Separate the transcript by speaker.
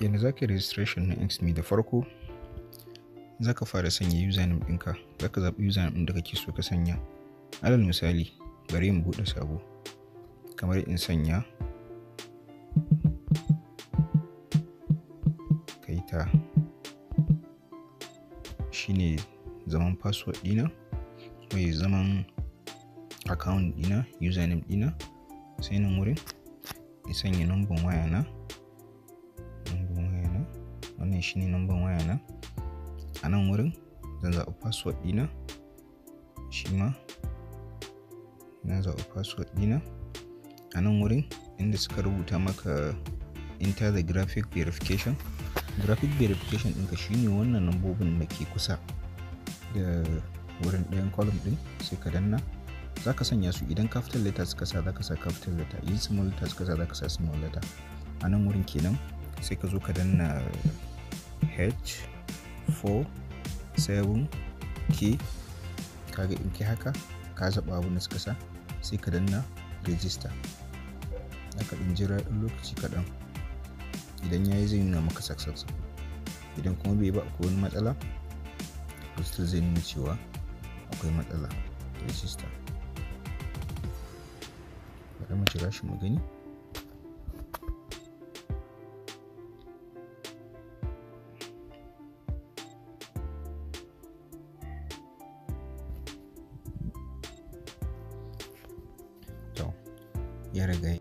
Speaker 1: yana za ka yi registration na xme da farko za ka fara sanya username ɗinka za ka zaɓi username da kake so ka sanya alal misali bari mu buɗe sabo kamar in sanya kaita shine zaman password ɗina mai zaman account ɗina username ɗina sai nan wurin in sanya number waya na wannan shine numban waya na a nan wurin zan zaɓi password ɗina shi ma na zaɓi password ɗina a nan wurin inda suka rubuta maka enter the graphic verification graphic verification ɗinka shine wannan lambobin da ke kusa da wurin ɗayan column ɗin sai ka danna za ka sanya su idan capital letter suka sa za ka sa capital letter in small letter suka sa za ka sa small letter a nan wurin kenan sai ka zo ka danna h 4 7 k kaga in ki haka ka zaba abin da suka sa sai ka danna register aka ɗin jira ɗin lokaci kaɗan idan ya yi zai nuna maka successful idan kuma bai ba akwai wani matsala to zai nuna cewa akwai matsala register bari mu jira shi mu gani ya riga.